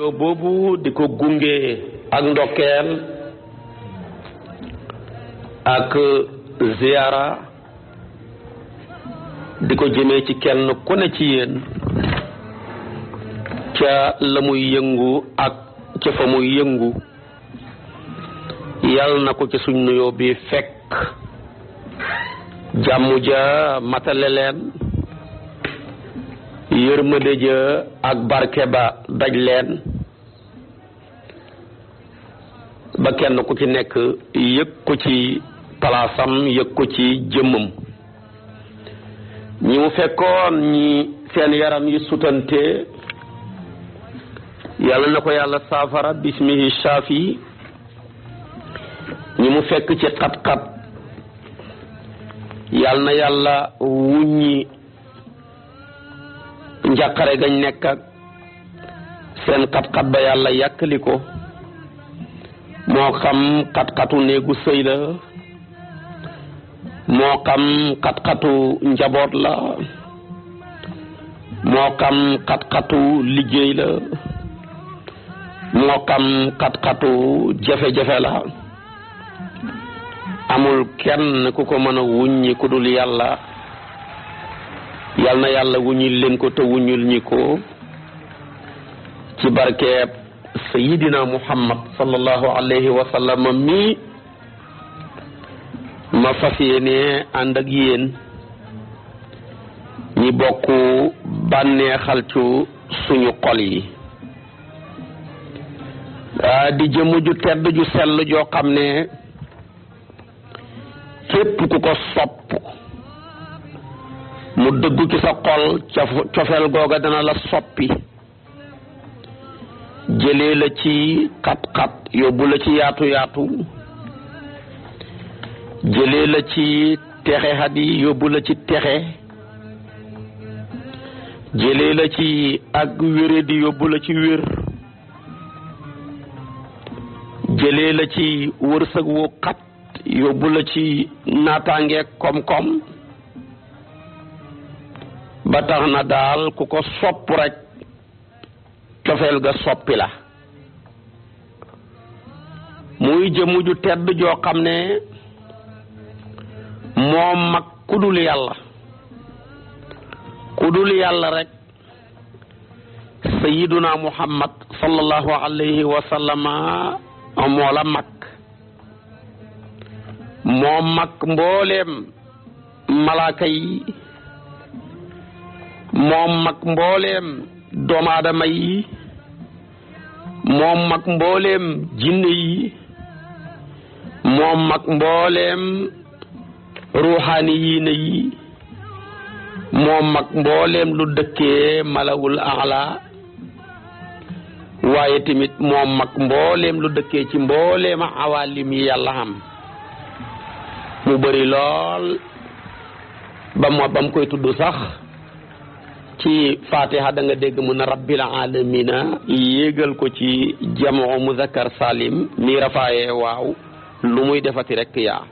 yow boobu di ko gunge ak ndokkeel ak ziyaara di ko jëmee ci kenn ku ci yéen ca la muy yëngu ak ca fa muy yëngu yal na ko ci suñ nuyoo bi fekk jàmm ja matale leen yërmande ja ak barke ba daj leen ba kenn ku ci nekk yëg ko ci palaasam yëg ko ci jëmmam ñi mu fekkoon ñi seen yaram yi sutante yàlla na ko yàlla saafara bismihi shaafi ñi mu fekk ci xat-xat yàlla na yàlla wuññi njàqare gañ nekk ak seen xat-xat ba yàlla yàkkali ko moo xam xat-xatu néegu sëy la moo xam xat-xatu njaboot la moo xam xat-xatu liggéey la moo xam xat-xatu jafe-jafe la amul kenn ku ko mën a wuññi ku dul yàlla yal na yàlla wuññil leen ko te wuññul ñi ko ci barkeeb sayidina muhammad sallallahu alayhi wa sallam ma fas yéene ànd ak yéen ñi bokk bànneexal ci suñu xol yi ah, di jëmm ju tedd ju sell joo xam ne képp ku ko sopp mu dëggu ci sa xol cofeel googa dana la soppi jëlee la ci xat-xat yóbbu la ci yaatu-yaatu jëlee la ci texe xat yóbbu la ci texe jëlee la ci ak wéré di yóbbu la ci wér jëlee la ci wërsëg wu xat yóbbu la ci naataangeeg koom-koom ba tax na daal ku ko sopp rek cofeel ga soppi la muy jëmm ju tedd joo xam ne moo mag ku dul yàlla ku dul yàlla rek sayiduna muhammad sallallahu alayhi wa sallama moo moo mag mbooleem malaaka yi moom mag mbooleem doomu aadama yi moom mag mbooleem jinne yi moom mag mbooleem ruuxaani yiine yi moom mag mbooleem lu dëkkee malawul axla waaye tamit moom mag mbooleem lu dëkkee ci mbooleem awalim yi yàlla xam mu bari lool ba mu ba mu koy tudd sax ci fatiha da nga dégg mu ne rabbil alamina yéegal ko ci jamoo muzakkar salim ni rafaaye waaw lu muy defati rek yaa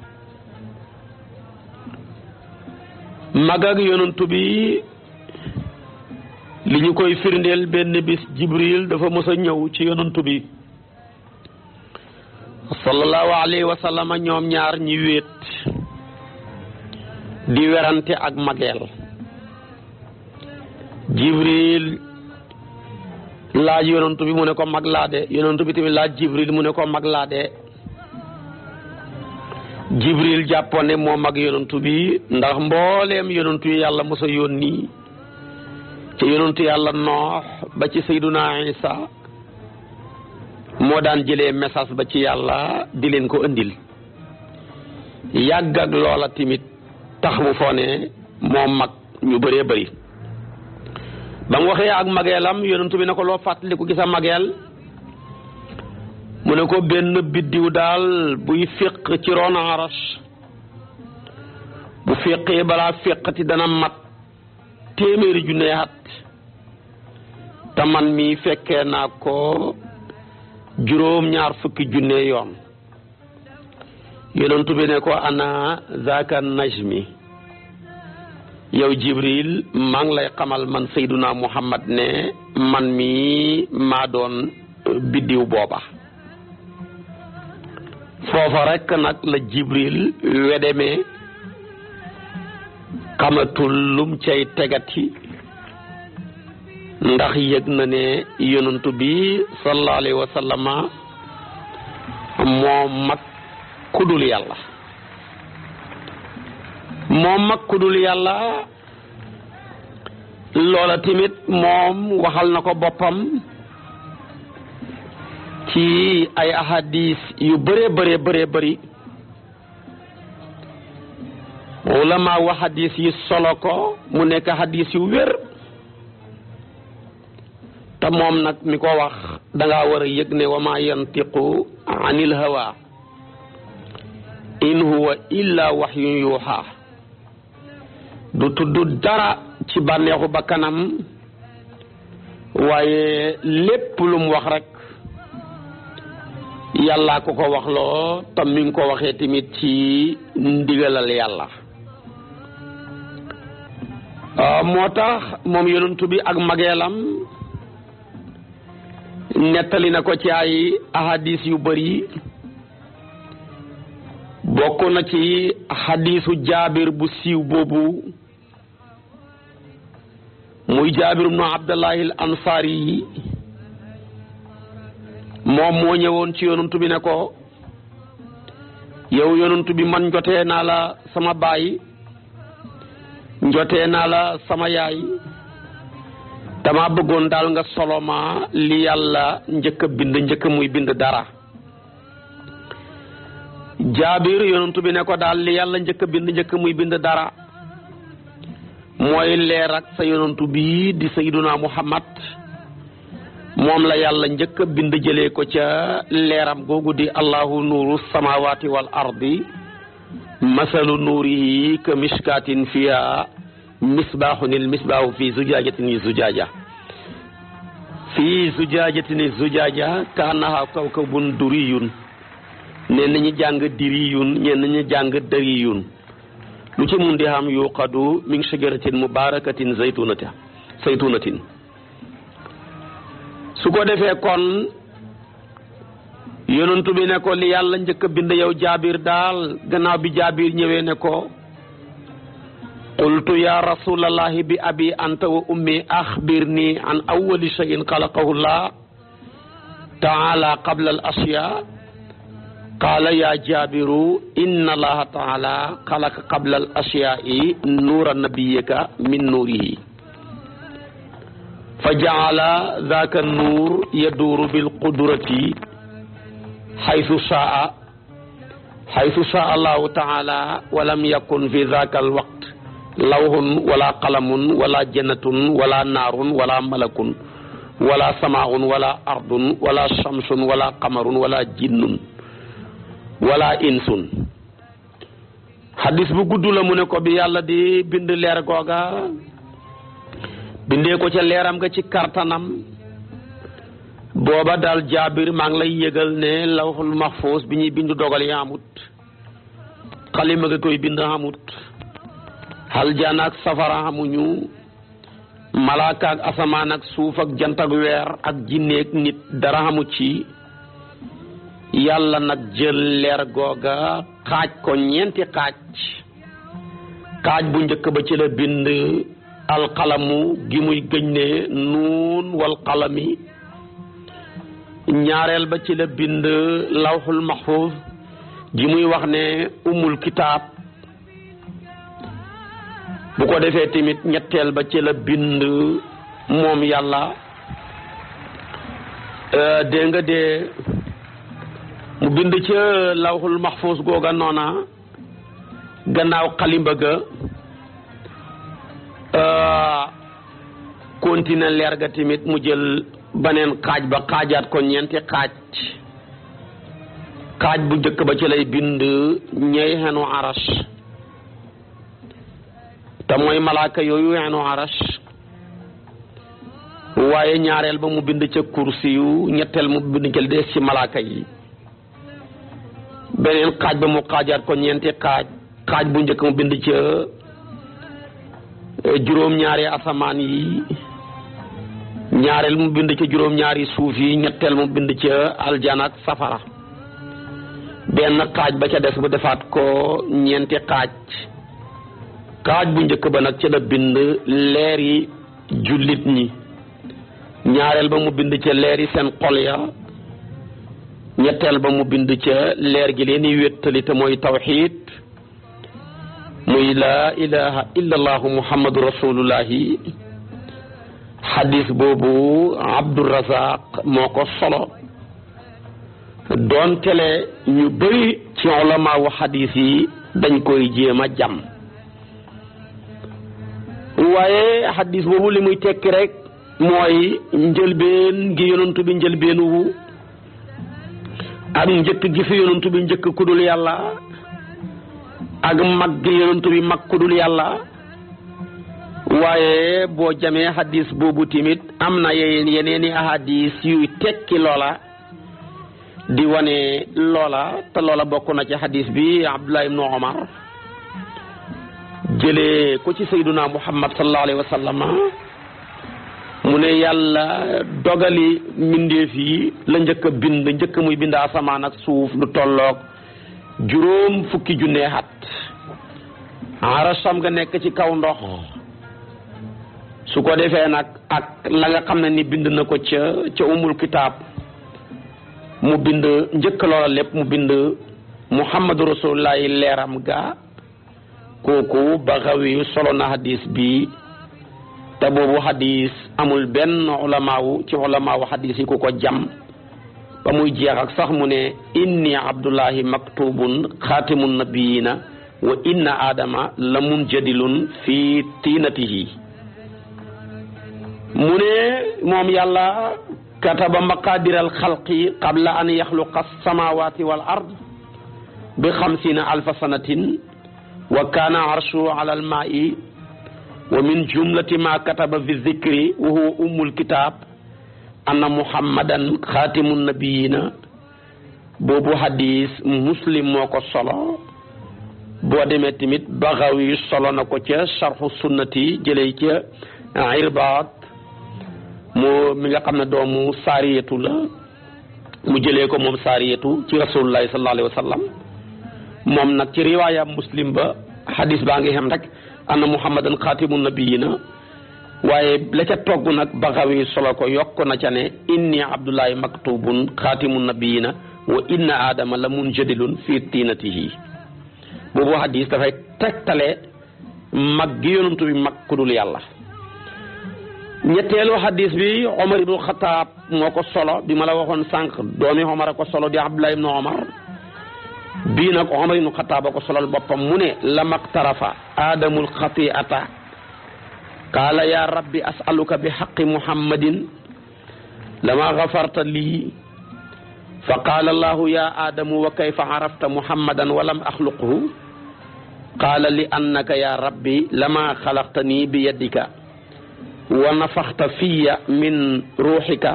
magag yonantu bi li ñu koy firndeel benn bis jibril dafa mës a ñëw ci yonantu bi sallallahu alayhi wa ñoom ñaar ñi wéet di werante ak mageel jibril laaj yonantu bi mu ne ko mag laa de yonantu bi tamit laaj jibril mu ne ko mag laa de jibril jàppoon moo mag yonantu bi ndax mbooleem yonantu yàlla mos yoon nii ci yonantu yàlla noox ba ci sayduna isa moo daan jëlee message ba ci yàlla di leen ko indil yàgg ak loola tamit tax mu foo moo mag ñu bëree bëri ba mu waxee ak mageelam yonentu bi ne ko loo fàttaliku gis a mageel mu ne ko benn biddiw daal buy féq ci ron aras bu féqee balaa féqati dana mat téeméeri junne at te man mi fekkee naa ko juróom ñaar fukki junne yoon yonentu bi ne ko ana zaaka najmi yow Jibril maa lay xamal man Seyduna Muhammad ne man mi maa doon euh, biddiw booba foofa rekk nag la Jibril wedemee xamatul lum cay tegati ndax yëg na ne yonantu bi sallallahu alayhi moo mag kudul yàlla moom mag ku yàlla loola tamit moom waxal na ko boppam ci ay ahadis yu bëree bare bëree bëri ulama wa hadis yi solo ko mu nekk hadis yu wér te moom nag mi ko wax danga war a yëg ne wa ma yantiqu anil hawa in huwa illa waxyun yuuxa du tudd dara ci bànneexu ba kanam waaye lépp lu wax rekk yàlla ko ko waxloo tam mi ngi ko waxee tamit ci ndigalal yàlla ah, moo tax moom yonent bi ak mageelam nettali na ko ci ay ahadis yu bëri bokk na ci hadisu jaabir bu siiw boobu muy jaabir ibnu abdallahi al ansaari moom moo ñëwoon ci yonantu bi ne ko yow yonantu bi man njotee naa la sama baay njotee naa la sama yaay dama bëggoon daal nga soloma li yàlla njëkk bind njëkk muy bind dara jaabir yonantu bi ne ko daal li yàlla njëkk bind njëkk muy bind dara mooy leer ak sa yonantu bii di sayyiduna muhammad moom la yàlla njëkk a bind jëlee ko ca leeram googu di allahu nuuru samawati wal ardi masalu nuurihi ka mishkatin fiya misbaaxunil misbaaxu fi zujajatini zujaja fi zujajatini zujaja kaanaha kawkabun duriyun ñenn ñi jàng diriyun ñenn ñi jàng dëriyun lu ci mun di am min shajaratin mubarakatin zaytunati su ko defee kon yonentu bi ne ko li yàlla njëkk a bind yow jaabir daal gannaaw bi jaabir ñëwee ne ko qultu ya rasulallahi bi abi anta wa ummi axbirni an awali cheyin xalaqahu llah qabla al qaala yaa jaabiru inna allaha taala xalaka qabla al asyaai nuura nabiyika min nuurihi fa jaala daaka nuur yaduuru bil qudrati xaytu saa xaytu saa allahu taala walam yakun fi daaka al waqt lawhun wala qalamun wala jannatun wala naarun wala malakun wala samaun wala ardun wala shamsun wala qamarun wala jinnun wala insun xadis bu gudd la mu ne ko bi yàlla di bind leer googa bindee ko ca leeram nga ci kartanam booba daal jaabir maa lay yëgal ne lawhul mahfuus bi ñuy bind dogal yi amut xalima nga koy bind amut aljana ak safara amuñu malaaka ak asamaan ak suuf ak jant ak weer ak jinne ak nit dara amu ci yàlla nag jël leer googa xaaj ko ñeenti xaaj kaaj bu njëkk ba ci la bind alxalamu gi muy gëñ ne nuun wal ñaareel ba ci la bind lawxul maxfuuf ji muy wax ne umul kitaab bu ko defee tamit ñetteel ba ci la bind moom yàlla euh, dégg nga dee mu bind ca lawxul maxfuus googa noona gannaaw xalimba ga euh, continué leer ga tamit mu jël beneen kaaj ba xaajaat ko ñeenti xaaj kaaj bu jëkk ba ci lay bind ñey xenu arash te mooy malaaka yooyu xenu arash waaye ñaareel ba mu bind ca kursi yu ñetteel mu bind ca des ci malaaka yi beneen kaaj ba mu kaajaat ko ñeenti kaaj xaaj bu njëkk mu bind ca e, juróom-ñaari asamaan yi ñaareel mu bind ca juróom-ñaari suuf yi ñetteel mu bind ca aljana ak safara benn kaaj ba ca des mu defaat ko ñeenti kaaj kaaj bu njëkk ba nag ca la bind leeri jullit ñi ñaareel ba mu bind ca leeri seen xol ya ñetteel ba mu bind ca leer gi leen i wéttali te mooy tawxiid muy laa ilaha illa allahu muhammadu rasulullahi xadis boobu abdurazaq moo ko solo doontele ñu bëri ci ulamaawu xadis yi dañ koy jéem a jàmm waaye xadis boobu li muy tekki rek mooy njëlbeen gi yonantu bi njëlbeenu ak njëkk gi fi yonantu bi njëkk kudul yàlla ak mag gi yonantu bi mag kudul yàlla waaye boo jamee hadis boobu tamit am na yeneen yeneeni ahadis yuy tekki loola di wane loola te loola bokk na ci hadis bi Abdullah ibnu Omar jëlee ko ci sayduna Muhammad sallallahu alayhi mu ne yàlla dogali mbindeef yi la njëkk bind njëkk muy bind asamaan ak suuf lu tolloog juróom fukki junnee xat arasam nga nekk ci kaw ndox su ko defee nag ak la nga xam ne ni bind na ko ca ca kitaab mu bind njëkk loola lépp mu bind muhammadu rasulullahi leeram ga kooku ba xawi solo na hadis bi te boobu xadis amul benn ulamaawu ci ulamaawu xadis yi ku ko jam ba muy jeex ak sax mu ne inni abdullahi maktubun xaatimu nabiyina wa inna adama la munjadilun fi tiinatihi mu ne moom yàlla kataba maqadiral xalqi qabla an yaxluqa samawati wal ard bi xamsina alfa sanatin wa kaana arshu ala almaai wa min jumlati ma kataba fi zikri wa huwa ummul kitaab anna muhammadan xaatimu nabiyina boobu hadis muslim moo ko solo boo demee tamit Baghawi solo na ko ca sarxu sunnati jëlee ca irbaat moo mi nga xam ne doomu saariyatu la mu jëlee ko moom saariyatu ci rasulullahi sallallahu alayhi wa sallam moom nag ci riwaaya muslim ba hadis baa ngi xam rek anna muhammadan xaatimu nabiyina waaye la ca togg nag baxawi solo ko yokk na ca ne inni abdullahi maktubun xaatimu nabiyina wa inna adama la munjadilun fi tiinatihi boobu hadis dafay tegtale mag gi yonumtu bi mag ku yàlla ñetteelu hadis bi omar ibnu xataab moo ko solo bi ma la waxoon sànq doomi omar a ko solo di abdullahi ibnu omar bii nag Omar ibnu Xataab ko solal boppam mu ne lamaktarafa aadamul xatiata qaala yaa rabbi asaluka bi xaqi muhammadin lama gafarta lii fa qaala allahu yaa aadamu wa kayfa arafta muhammadan wa lam axluqhu qaala li annaka yaa rabbi lama xalaqtanii bi yadika wa nafaxta fiya min ruuxika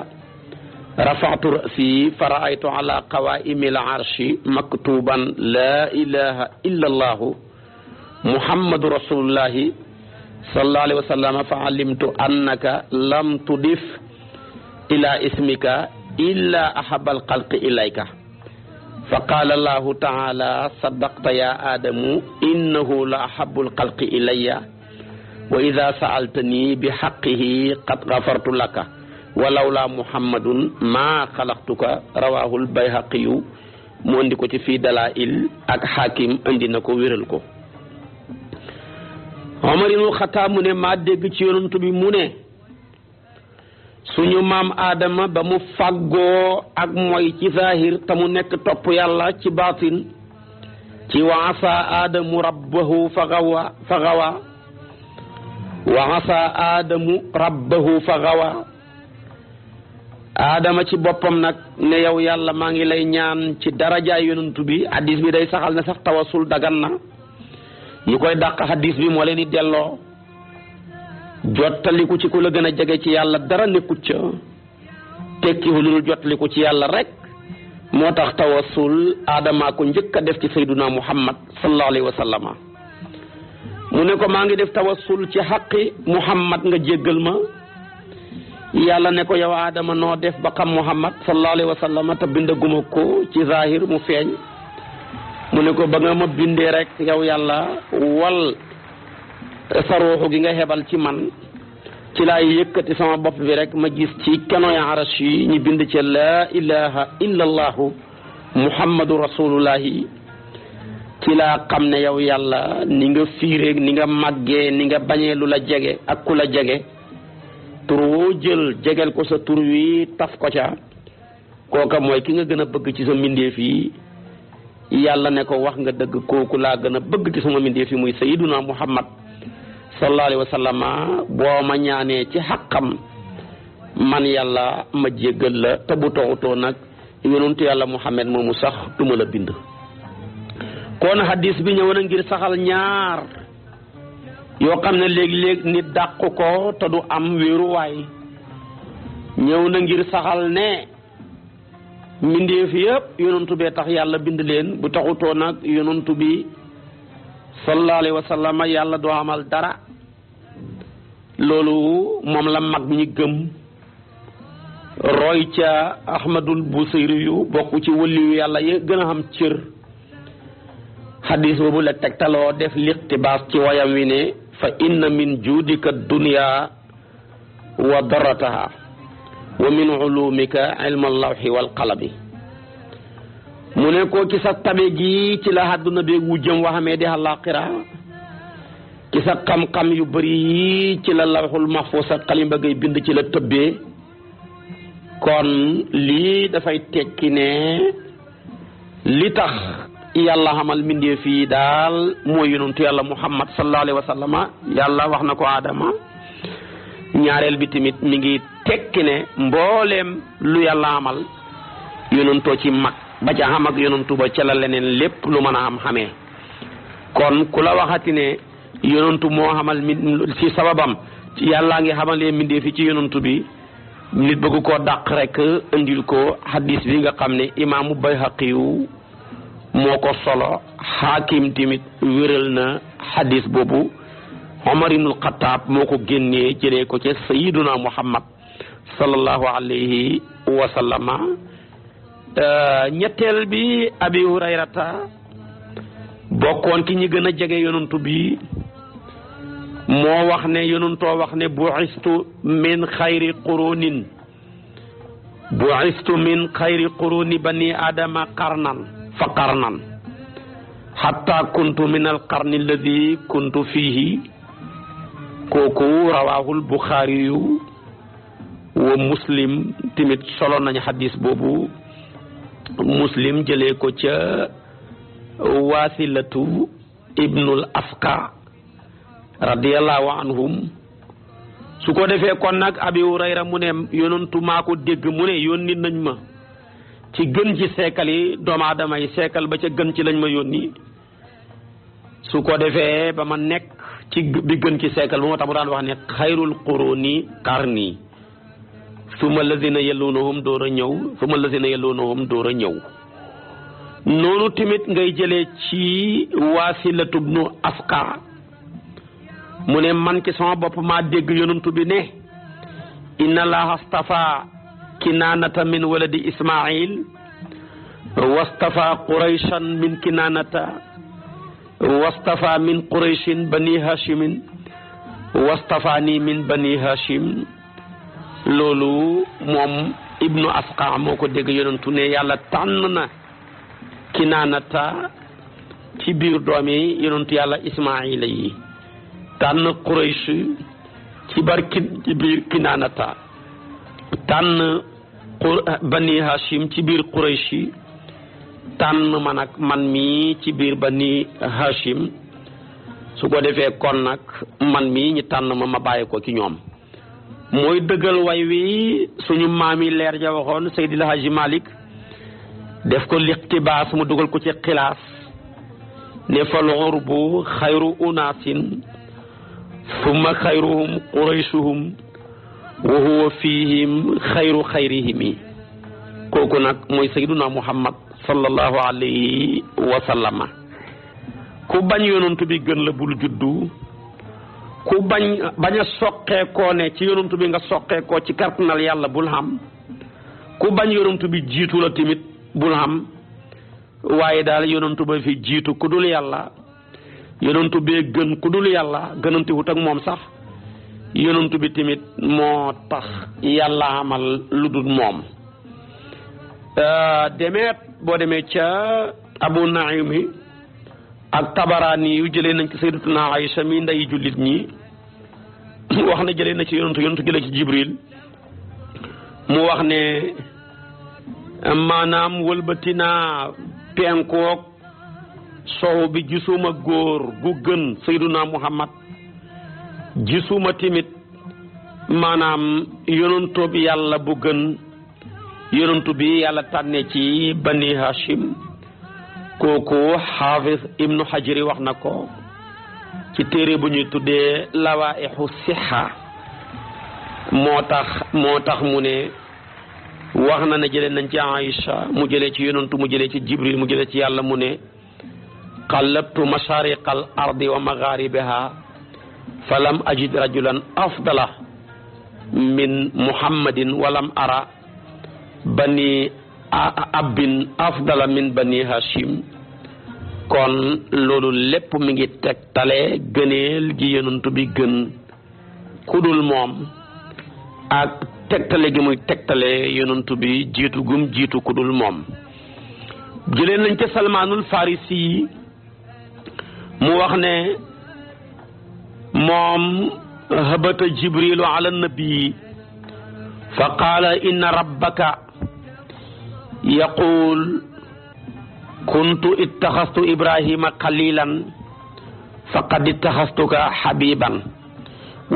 rafaxtu rasi fa raaytu ala qawaimi l arshi maktuban la ilaha illa allahu muhammadu rasulullahi sallallahu alayhi wa sallam fa alimtu annaka lam tudif ila ismika illa ahabal xalqi ilayka fa qaala allahu taala sadaqta ya aadamu innahu la ahabul xalqi ilayya wa ida saaltani bi xaqihi qad gafartu laka walawlaa muhammadun maa xalaqtuka rawaahul bayhaqiyu mu andi ko ci fii dalaa'il ak xaakim andi na ko wéral ko Omar ibnul Xattaab mu ne maa dégg ci yonantu bi mu ne suñu maam Adama ba mu faggoo ak mooy ci zahir te mu nekk topp yàlla ci baatin ci wa asaa aadamu rabbahu fa gawa wa asaa aadamu rabbahu fa gawa aadama ci boppam nag ne yow yàlla maa ngi lay ñaan ci darajaay yonantu bi hadis bi day saxal na sax tawasul dagan na ñu koy dàq hadis bi moo leen di delloo jottaliku ci ku la gën a jege ci yàlla dara nekkut ca tekki hulul jottaliku ci yàlla rek moo tax tawasul aadama ko njëkk a def ci sayduna muhammad sallallahu alayhi wa sallama mu ne ko maa ngi def tawasul ci xaqi muhammad nga jéggal ma yàlla ne ko yow aadama noo def ba xam muhammad sallallahu alayhi wa sallam te bindaguma ko ci zahir mu feeñ mu ne ko ba nga ma bindee rek yow yàlla wal sa ruuxu gi nga hebal ci man ci laay yëkkati sama bopp bi rek ma gis ci kenoy arash yi ñu bind ci laa ilaha illa muhammadu rasulullahi ci laa xam ne yow yàlla ni nga fiireeg ni nga màggee ni nga bañee lu la jege ak ku la jege tur woo jël jegel ko sa tur wi taf ko ca kooka mooy ki nga gën a bëgg ci sa mbindeef yi yàlla ne ko wax nga dëgg kooku laa gën a bëgg ci sama mbindeef yi muy sayiduna muhammad sallallahu alayhi wa sallama boo ma ñaanee ci xàqam man yàlla ma jéggal la te bu toxutoo nag yonentu yàlla muhammad moomu sax duma la bind kon hadis bi ñëw na ngir saxal ñaar yoo xam ne léeg-léeg nit dàq ko te du am wéeruwaay ñëw na ngir saxal ne mbindeef yëpp yonantu bee tax yàlla bind leen bu taxutoo nag yonantu bi sallallahu alayhi wa sallam yàlla doo amal dara loolu moom la mag ñi gëm roy ca ahmadul busayri yu bokk ci wëliyu yàlla yi gën a xam cër xadis boobu la tegtaloo def liqtibaas ci wayam wi ne fa inna min juudika dunya wa darataha wa min ulumika ilma allawxi wal qalami mu ne ko ci sa tabe gi ci la àdduna beeg wu jëm waxamee di àllaaxira ci sa xam-xam yu bari yi ci la lawxul mahfuus ak xalim ba bind ci la tëbbee kon lii dafay tekki ne li tax yàlla xamal mbindeef yi daal mooy yonentu yàlla muhammad sallallahu alayhi wa sallama yàlla wax na ko aadama ñaareel bi tamit mi ngi tekki ne mboolem lu yàlla xamal yonentoo ci mag ba ca xam ak yonentu ba ca la leneen lépp lu mën a xam xamee kon ku la waxati ne yonentu moo xamal min ci sababam yàllaa ngi xamalee mbindeef ci yonentu bi nit bëgg koo dàq rek indil ko hadis bi nga xam ne imaamu bayhaqi yu moo ko solo xaakim tamit wéral na boobu Omar ibnul moo ko génnee jëlee ko ca sayiduna Muhammad sallallahu alayhi wa euh, ñetteel bi abi hurayrata bokkoon ki ñi gën a jege yonantu bi moo wax ne yonantoo wax ne bu'istu min xayri qurunin bu'istu min xayri quruni bani adama qarnan fa qarnan hatta kuntu min al qarni alladi kuntu fihi kooku rawaahul buxaari yu wa muslim tamit solo nañ xadis boobu muslim jëlee ko ca wasilatu ibnul asqa radiallahu anhum su ko defee kon nag abi hurayra mu ne yonentu maa ko dégg mu ne yónni nañ ma ci gën ci seekal yi doomu aadama yi seekal ba ca gën ci lañ ma yónni su ko defee ba ma nekk ci bi gën ci seekal ba moo tax mu daan wax ne xayrul quruni qarni suma lazina yellunahum door a ñëw suma lazina yellunahum door a ñëw noonu tamit ngay jële ci waasilatu bnu askar mu ne man ci sama bopp maa dégg yonantu bi ne inna allaha astafa kinaanata min waladi ismail wastafa qurayshan min kinaanata wastafa min qurayshin bani hashimin wastafaani min bani hashim loolu moom ibnu asqa moo ko dégg yonentu ne yàlla tànn na kinaanata ci biir doomi yonentu yàlla ismaila yi tànn quraysh ci barki ci biir kinaanata bani hashim ci biir quraysh yi tànn ma nag man mii ci biir bani hashim su ko defee kon nag man mii ñi tànn ma ma bàyyi ko ci ñoom mooy dëggal way wi suñu maam yi leer ja waxoon Seydil Hadji Malick def ko liqtibaas mu dugal ko ci xilaas ne fal urbu xayru unaasin summa xayruhum quraysuhum wa huwa fihim xayru xayrihimi kooku nag mooy sayduna muhammad sallallahu alayhi wa sallama ku bañ yonantu bi gën la bul juddu ku bañ baña a ne ci yonantu bi nga soqeekoo ci kartanal yàlla bul xam ku bañ yonantu bi jiitu la tamit bul xam waaye daal yonantu ba fi jiitu ku dul yàlla yonantu bee gën ku dul yàlla gënantiwut ak moom sax yonent bi tamit moo tax yàlla amal lu dul moom euh, demeet boo demee ca abu naim yi ak tabaraani yu jëlee nañ ci sayyidatuna Aïcha mi nday jullit ñi wax na jëlee na ci yonentu yonentu jëlee ci jibril mu wax ne maanaam wëlbatinaa penkook sow bi gisuma góor gu gën sayyiduna muhammad gisuma tamit maanaam yonantu bi yàlla bu gën yonantu bi yàlla tànnee ci bani hashim kooku xaafis ibnu xajiri wax na ko ci téere bu ñuy tuddee lawaixu sixa moo tax moo tax mu ne wax na ne jële nañ ci aïcha mu jëlee ci yonantu mu jëlee ci jibril mu jëlee ci yàlla mu ne xallabtu mashariqa ardi wa magharibiha falam ajid rajulan afdala min muhammadin walam ara bani abbin afdala min bani hashim kon loolu lépp mi ngi tegtale gëneel gi yonent bi gën kudul moom ak tegtale gi muy tegtale yonent bi jiitu gum jiitu kudul moom jëlee nañ ca salmaanul farisi mu wax ne moom habata jibrilu ala nabii fa qaala inna rabbaka yaquul kuntu ittaxastu ibrahima qalilan faqad ittaxastuka habiban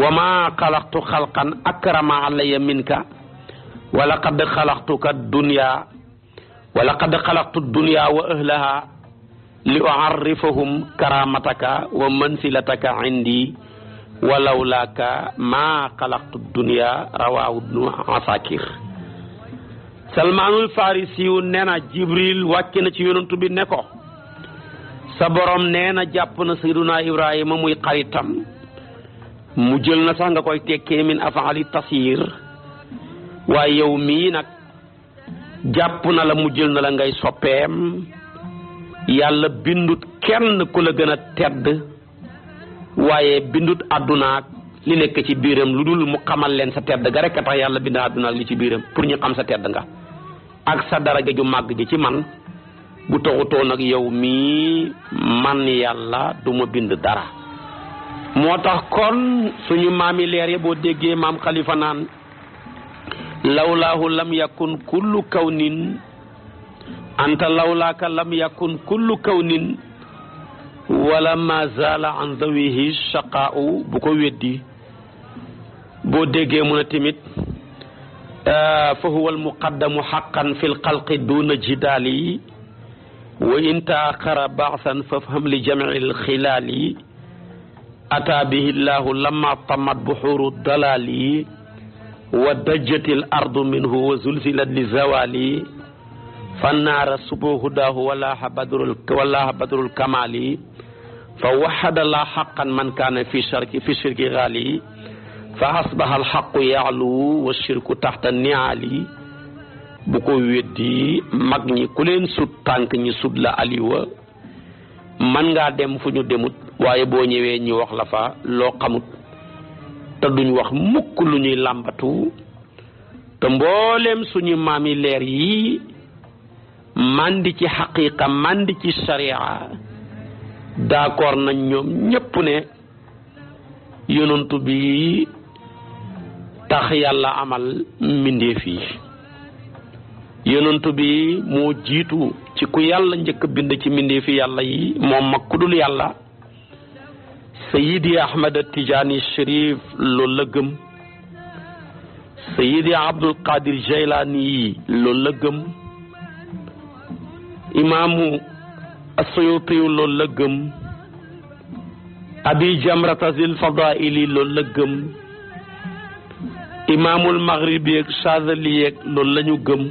wa ma xalaqtu xalqan akrama alaya minka wa laqad xalaqtuka dunya wa laqad xalaqtu dunya wa ahlaha li uarrifahum karamataka wa manzilataka indi walaw laaka maa xalaqtu dunia rawaahu ibnu salmaanul farisiyu nee na jibril wàcc na ci yonantu bi ne ko sa borom nee na jàpp na sayduna ibrahima muy xaritam mu jël na sax nga koy tekkee min afaali tasir waaye yow mii nag jàpp na la mu jël na la ngay soppeem yàlla bindut kenn ku la gën a tedd waaye bindut àddunaak li nekk ci biiram lu dul mu xamal leen sa tedd ga rek a tax yàlla bind àddunaak li ci biiram pour ñu xam sa tedd nga ak sa daraja ju màgg ji ci man bu taxutoo nag yow mii man yàlla du ma bind dara moo tax kon suñu maami leer ya boo déggee maam xalifa naan lawlaahu lam yakun kullu kaw anta wala ma zaala an dawihi shaqaa'u bu ko weddi boo déggee mu ne tamit euh, fa huwa almuqaddamu xaqan fi lxalqi duna jidaali wa in taaxara baasan fafham li jamci alxilaali ataa bihi llahu lama tamat buxuru dalaali wa dajjati al ardu minhu wa zulzilat li zawaali fannaara subu hudaahu walaaha badrul walaaha badrul kamaali fa waxada laa xaqan man kaana fi sharki fi shirki xaali fa asbaha alxaqu yaalu wa shirku taxta niaali bu ko weddi mag ñi ku leen sut tànk ñi sut la aliwa man ngaa dem fu ñu demut waaye boo ñëwee ñu wax la fa loo xamut te duñ wax mukk lu ñuy làmbatu te mbooleem suñu maami leer yi mandi ci xaqiqa mandi ci sharia d'accord nañ ñoom ñépp ne yonantu bi tax yàlla amal mbindeef yi yonantu bi moo jiitu ci ku yàlla njëkk bind ci mbindeefi yàlla yi moom mag ku yàlla sayidi ahmad tijaani sharif loolu gëm sayidi abdul qadir jaylaani loolu gëm imaamu asuyutiyu loolu la gëm abi jamratazil fadaili loolu la gëm imaamul maghrib yeeg chazali yeeg loolu la ñu gëm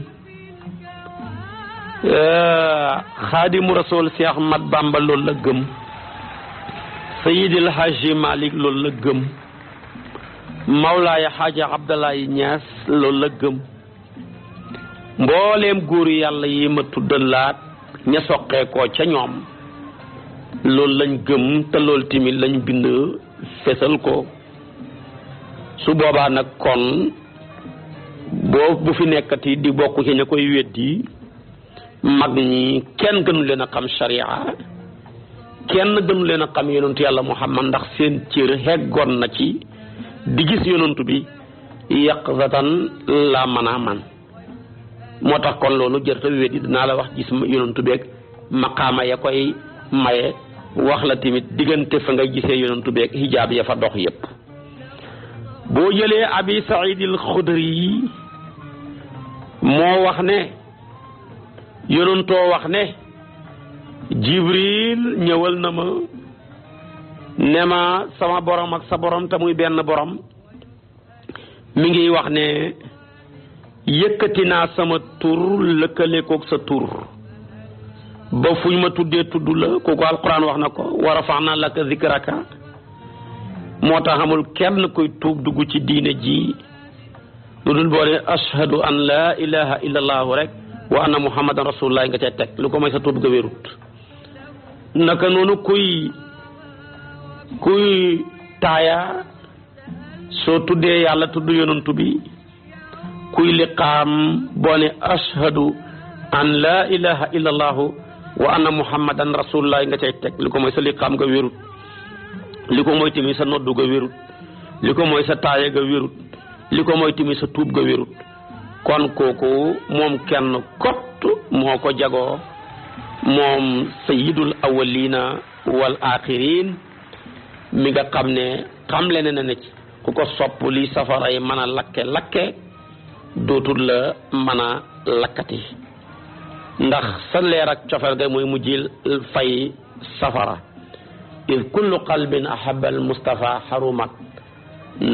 euh, xaadimu si ahmad bamba loolu la gëm sayidil haji malik loolu la gëm mawlaaya xaaja abdalaayi ñaas loolu la gëm mbooleem góor yàlla yi ma tudda ña soqeekoo ca ñoom loolu lañ gëm te loolu lañ bind fesal ko su boobaa nag kon boo bu fi nekkati di bokk ci ña koy weddi mag ñi kenn gënu leen a xam sharia kenn gënu leen a xam yonentu yàlla xam muhammad ndax seen cër heggoon na ci di gis yonentu bi yàq satan laa mën a man moo tax kon loolu jërta wéet yi dinaa la wax gis yonantu beeg maqaama ya koy maye wax la tamit diggante fa ngay gisee yonantu beeg hijaab ya fa dox yépp boo jëlee abi saïd al xudri yi moo wax ne yonantoo wax ne jibril ñëwal na ma ne ma sama borom ak sa borom te muy benn borom mu ngi wax ne yëkkati naa sama tuur lëkkale koog sa tuur ba fu ñu ma tuddee tudd la kooku alquran wax na ko war a fax naa zikraka moo tax amul kenn koy tuub dugg ci diine ji lu dul boo ne ashhadu an laa ilaha illa allahu rek wa anna muhammadan rasulullah nga cay teg lu ko may sa tuub ga wérut naka noonu kuy kuy taaya soo tuddee yàlla tudd yonantu kuy liqaam boo ne ashhadu an laa ilaha illa allahu wa anna muhammadan rasulullah nga cay teg li ko mooy sa liqaam nga wérut li ko mooy tamit sa noddu ga wérut li ko moy timi sa tuub ga wérut kon kooku moom kenn kott moo ko jagoo moom sayyidul awwalina wal axirin mi nga xam ne xam le na ne ku ko sopp li safara yi lakke lakke dootul la mën a lakkati ndax sa leer ak cofeel ga mooy mujjil fay safara id kullu qalbin ahaba almustafa xarumat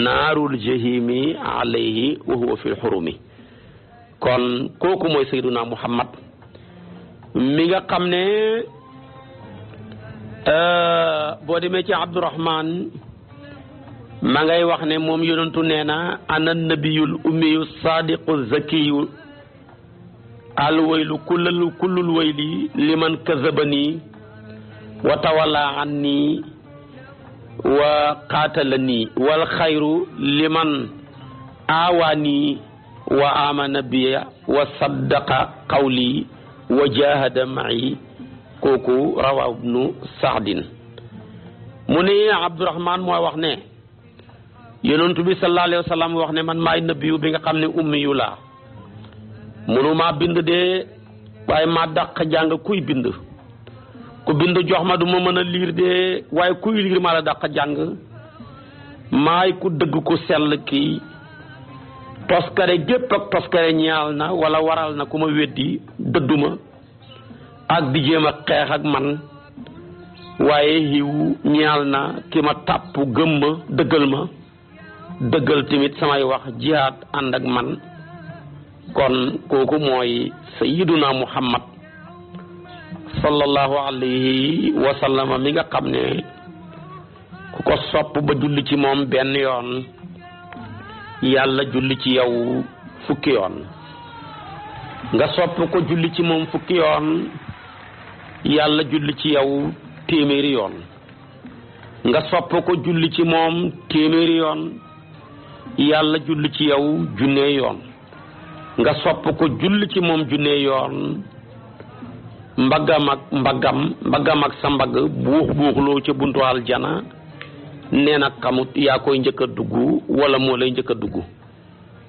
naarul jahimi alayhi wa huwa fi xurumi kon kooku mooy sayduna muhammad mi nga xam ne euh, boo demee ci abdurahman ma ngay wax ne moom yonentu nee na ana nabiyul ummiyu saadiqu zakiyu alwaylu kullal kullul wayli liman kazabani wa tawalla anni wa qaatalani wal xayru liman aawani wa amana biya wa saddaqa qawli wa jahada ma'i kooku rawaw ibnu saadin mu ne Abdurahman moo wax ne yonentu bi sallallahu alayhi wax ne man maay nabiyu bi nga xam ne ummi yu laa munu bind de waaye maa dàq jàng kuy bind ku bind jox ma duma mën a liir de waaye kuy liir maa la dàq jàng maay ku dëgg ku sel kii toskare gépp ak toskare ñaal na wala waral na ku ma weddi dëdduma ak di jéem a xeex ak man waaye xiw ñaal na ki ma tàpp gëm dëggal ma dëggal tamit samay wax jihaad ànd ak man kon kooku mooy sayyiduna muhammad sallallahu alayhi wa sallama mi nga xam ne ku ko sopp ba julli ci moom benn yoon yàlla julli ci yow fukki yoon nga sopp ko julli ci moom fukki yoon yàlla julli ci yow téeméeri yoon nga sopp ko julli ci moom téeméeri yoon yàlla julli ci yow junnee yoon nga sopp ko julli ci moom junnee yoon mbaggam ak mbaggam mbaggam ak sa mbagg buux buuxloo ca buntu aljana nee na xamut yaa koy njëkk a dugg wala moo lay njëkk dugg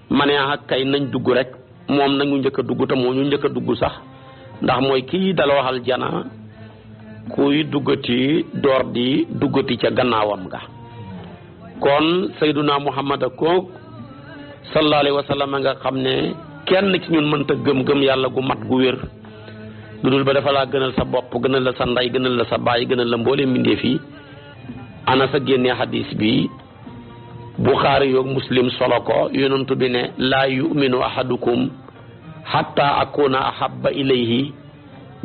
ma ak ah kay nañ dugg rek moom nañu njëkk a dugg te moo ñu njëkk dugg sax ndax mooy kii dala waxal jana kuy duggati door di duggati ca gannaawam nga kon sayduna muhammad ak koog sallallahu alayhi wa nga xam ne kenn ki ñun mënta gëm-gëm yàlla gu mat gu wér lu dul ba dafa laa gënal sa bopp gënal la sa ndey gënal la sa baay gënal la mboole mbindeef yi ana sa génnee xadis bi buxaari yoog muslim solo ko yonentu bi ne laa yuminu ahadukum xatta akuna ahabba ilayhi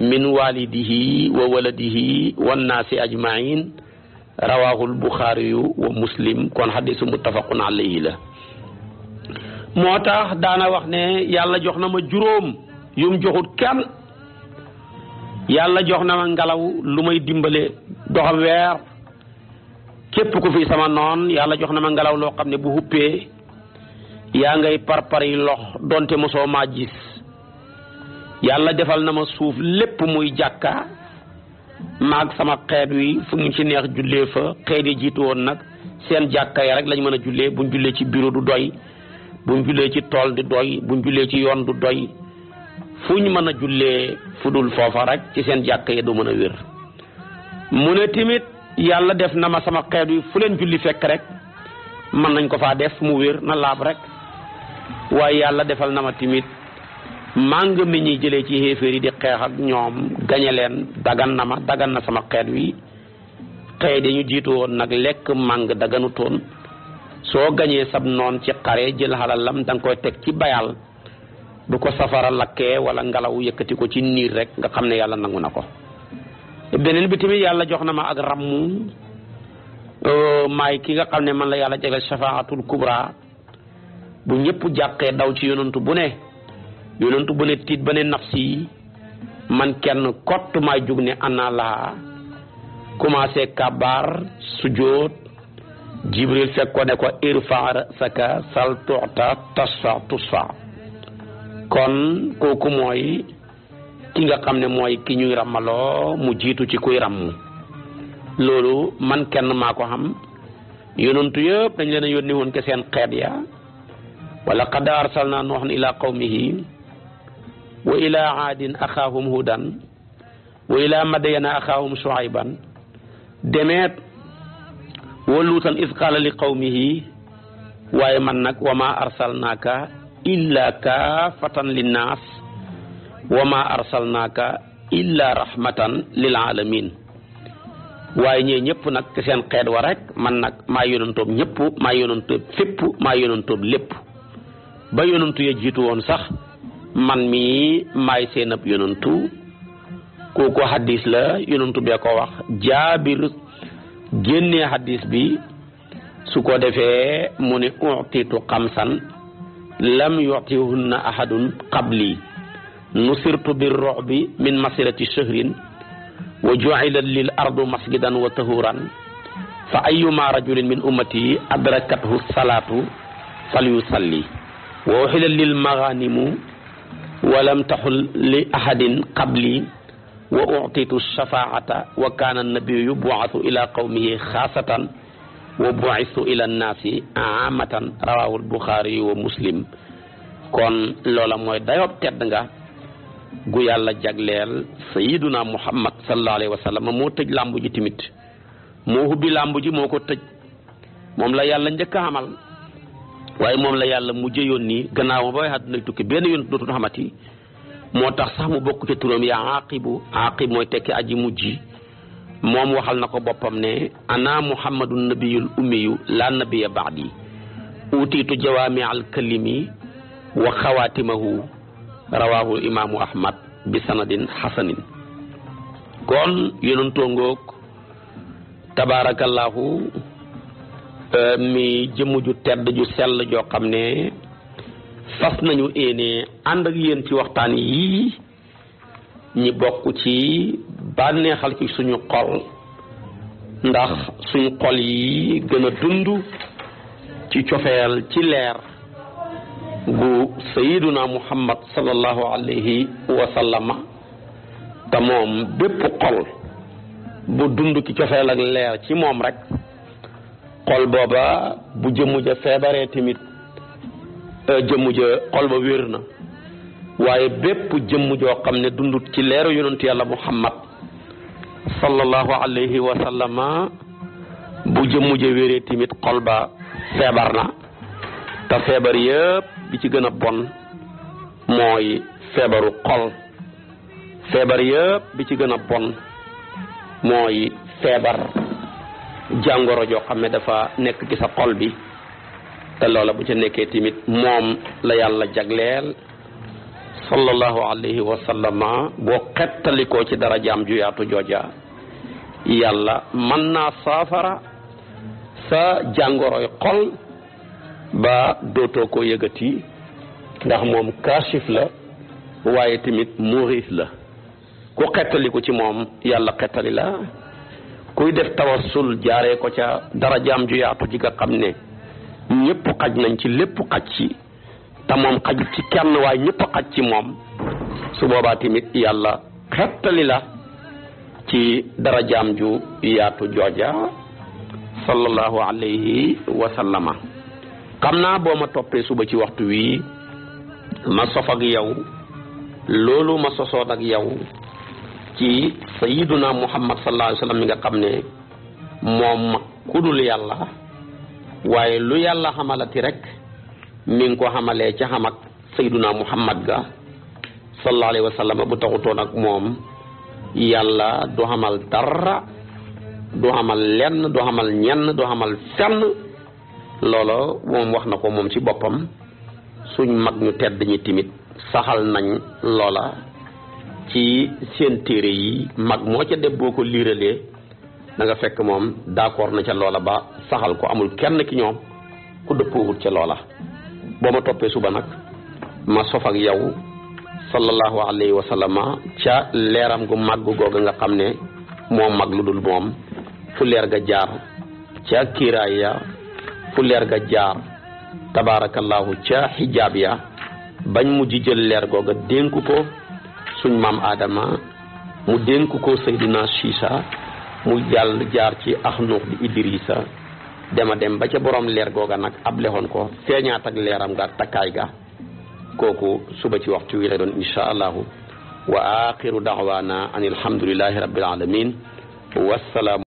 min walidihi wa waladihi wannaasi ajmain rawaahul buxaari yu wa muslim kon xadisu naa alayhi la moo tax daana wax ne yàlla jox na ma juróom yum joxut kenn yàlla jox na ma ngelaw lu may dimbale doxam weer képp ko fi sama noon yàlla jox na ma ngelaw loo xam ne bu huppee yaa ngay parpari lox donte mosoo maa gis yàlla defal na ma suuf lépp muy jàkka maag sama xeet wi fu ñu ci neex jullee fa xeet yi jiitu woon nag seen jàkka ya rek lañ mën a jullee buñ jullee ci bureau du doy buñ jullee ci tool du doy buñ jullee ci yoon du doy fu ñu mën a jullee fu dul foofa rek ci seen jàkka ya du mën a wér mu ne tamit yàlla def na ma sama xeet wi fu leen julli fekk rek mën nañ ko faa def mu wér na laab rek waaye yàlla defal na ma tamit màng mi ñuy jëlee ci xéeféer di xeex ak ñoom gañe leen dagan na ma dagan na sama xeet wi tey dañu jiitu woon nag lekk màng daganu toon soo gañee sab noon ci xare jël xalalam da nga koy teg ci bayal bu ko safara lakkee wala ngelaw yëkkati ko ci niir rek nga xam ne yàlla nangu na ko beneen bi yàlla jox na ma ak ràmm maay ki nga xam ne man la yàlla jagal shafaatul kubra bu ñëpp jàqee daw ci yonantu bu ne yonentu ba ne tiit ba ne nafsi man kenn kott maa jug ne ana laa commencé kabar sujjóot jibril fekk ko ne ko irfa saka sal tuxta tasfa tusfa kon kooku mooy ki nga xam ne mooy ki ñuy rammaloo mu jiitu ci kuy ramm loolu man kenn maa ko xam yonentu yëpp dañ leen a yónni woon ke seen xeet ya wala qad arsalna nuuhan ila qawmihi wa ilaa aadin axaahum hudan wa ilaa madyana axaahum shuayban demeet wa luutan id qaala waaye man nag wa ma arsalnaaka illa kaafatan linnaas wa ma arsalnaaka illa rahmatan lil alamin waaye ñee ñëpp nag ci seen xeet wa rek man nag maa yonantoob ñëpp maa yonantoob fépp maa yonantoob lépp ba yonantu ya woon sax man mii maay seen ab yonantu kooku hadis la yonantu bee ko wax jaabir génnee hadis bi su ko defee mu ne utitu xamsan lam yutihunna ahadun qabli nusirtu bi ru'bi min masirati shahrin wa ju'ilat lil ardu masjidan wa tahuran fa ayyuma rajulin min ummati adrakathu salatu falyusalli wa uhillat lil maghanimu walam taxul li ahadin qabli wa utitu shafaata wa kaana nabiyu buasu ila qawmihi xaasatan wa buistu ila nnaasi amatan rawahul buxaari wa muslim kon loola mooy dayoob tedd nga gu yàlla jagleel sayiduna muhammad sallallahu alayhi wa sallam moo tëj làmb ji tamit moo hubbi làmb ji moo ko tëj moom la yàlla njëkk a amal waaye moom la yàlla yoon mujjee yónni gannaawam ba waaye àdduna tukki benn yoon dootul xamati moo tax sax mu bokk ci turam yaa aqibu aqib mooy tekki aji mujji moom waxal na ko boppam ne ana muhammadun nabiyul ummiyu laa nabiya baadi utiitu jawaami al kalimi wa xawaatimahu rawaahu imaamu ahmad bi sanadin xasanin kon yonentoo ngoog tabaarakallaahu Euh, mi jëmm ju tedd ju sell joo xam ne fas nañu éene ànd ak yéen ci waxtaan yi ñi bokk ci bànneexal ci suñu xol ndax suñu xol yi gën a dund ci cofeel ci leer gu sayiduna muhammad sallallahu alayhi wa sallama te moom bépp xol bu dund ci cofeel ak leer ci moom rekk xol booba bu jëmm ja feebaree tamit euh, jëmm ja xol ba wér na waaye bépp jëmm joo xam ne dundut ci leeru yonent yàlla muhammad sallallahu alayhi wa sallama bu jëmm ja wéree tamit xol ba feebar na te feebar yëpp bi ci gën a bon mooy feebaru xol feebar yëpp bi ci gën a bon mooy feebar jàngoro joo xam ne dafa nekk ci sa xol bi te loola bu ca nekkee tamit moom la yàlla jagleel sallallahu alayhi wa sallama boo xettalikoo ci dara jaam ju yaatu jooja yàlla mën naa saafara sa jàngoroy xol ba dootoo ko yëgati ndax moom kaasif la waaye tamit muris la ku xettaliku ci moom yàlla xettali la kuy def tawassul jaaree ko ca dara jaam ju yaatu ji nga xam ne ñëpp xaj nañ ci lépp xaj ci tamoom moom ci kenn waaye ñëpp xaj ci moom su boobaa tamit yàlla xettali la ci dara jaam ju yaatu jooja sallallahu alayhi wa sallama xam naa boo ma toppee suba ci waxtu wii ma sof ak yow loolu ma sosoon ak yow ci sayiduna muhammad sallallahu alayhi wa mi nga xam ne moom mag ku dul yàlla waaye lu yàlla xamalati rek mi ngi ko xamalee ca xam ak sayiduna muhammad ga sallallahu alayhi wa sallam bu taxutoon ak moom yàlla du xamal dara du xamal lenn du xamal ñenn du xamal fenn loolo moom wax na ko moom ci boppam suñ mag ñu tedd ñi timit saxal nañ loola ci seen téere yi mag moo ca def boo ko liiralee danga fekk moom d'accord na ca loola ba saxal ko amul kenn ki ñoom ku dëppoowut ca loola boo ma toppee suba nag ma sof ak yow sallallahu alayhi wa sallama ca leeram gu màgg googa nga xam ne moo mag lu dul moom fu leer ga jaar ca kiiraay ya fu leer ga jaar tabaarakallaahu ca xijaab ya bañ mujj jël leer googa dénku ko suñ maam Adama mu dénk ko Seydina Chiisa mu jàll jaar ci Axnuux di Idrissa dema dem ba ca borom leer googa nag ab lexoon ko feeñaat ak leeram ga ak takkaay ga kooku suba ci waxtu wi lay doon insha allahu wa axiru daawaana an alhamdulillahi rabbil alamin wassalaamu